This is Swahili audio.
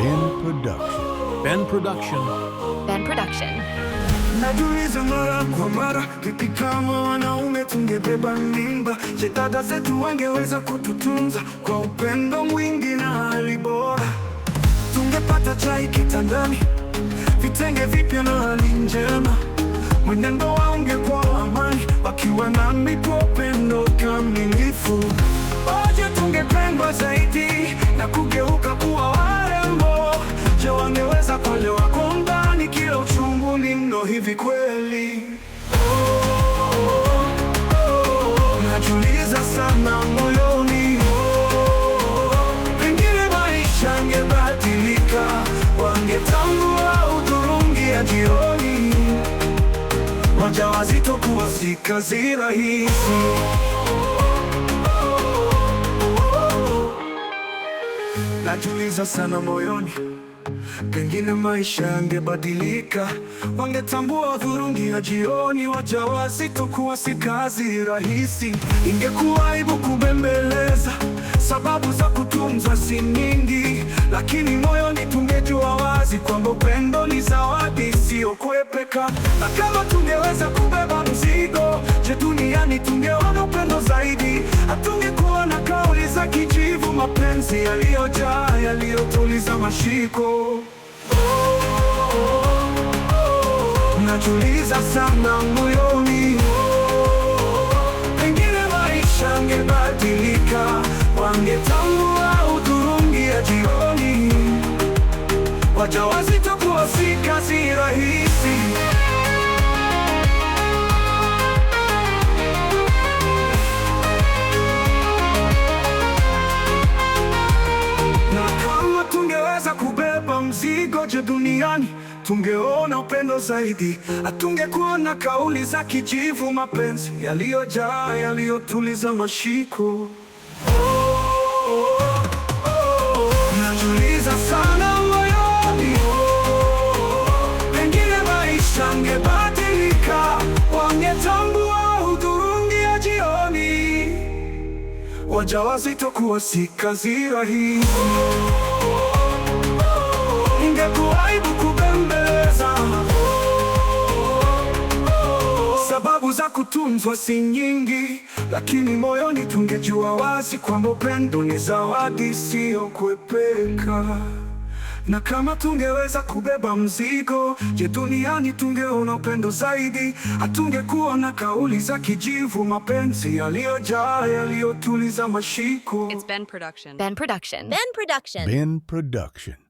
Ben Production. Ben Production. Ben Production. Najuliza mara kwa mara, vipi kama wanaume tungebeba mimba, je, dada zetu wangeweza kututunza kwa upendo mwingi na hali bora? Tungepata chai kitandani, vitenge vipya na hali njema, mwenendo wao ungekuwa amani, wakiwa nami kwa upendo kamilifu. Oje, tungependwa zaidi na kugeuka hivi kweli? Oh, oh, oh, sana moyoni, pengine oh, oh, maisha yangebadilika, wangetambua udhurungi ya jioni, wajawazito kuwa si kazi rahisi. najuliza sana moyoni Pengine maisha yangebadilika, wangetambua dhurungi ya jioni, wajawazito kuwa si kazi rahisi. Ingekuwa aibu kubembeleza, sababu za kutunza si nyingi, lakini moyoni tungejua wazi kwamba upendo ni zawadi isiyokwepeka. Na kama tungeweza kubeba mzigo, je, duniani tungeona upendo zaidi? mapenzi yaliyojaa yaliyotuliza mashiko oh, sana moyoni pengine maisha angebadilika, wangetambua hudhurungi ya jioni wajawazi tungekoje duniani, tungeona upendo zaidi, hatungekuwa kauli za kijivu, mapenzi yaliyojaa yaliyotuliza mashiko. Oh, sana moyoni, pengine Maisha yangebadilika, wangetambua hudhurungi ya jioni, wajawazito kuwa si kazi rahisi aibu kubembeleza, sababu za kutunzwa si nyingi, lakini moyoni tungejua wazi kwamba upendo ni zawadi, siyo na kama tungeweza kubeba mzigo, je, duniani tungeona upendo zaidi? Hatungekuwa na kauli za kijivu, mapenzi yaliyojaa yaliyotuliza mashiko. It's Ben Production. Ben Production. Ben Production. Ben Production.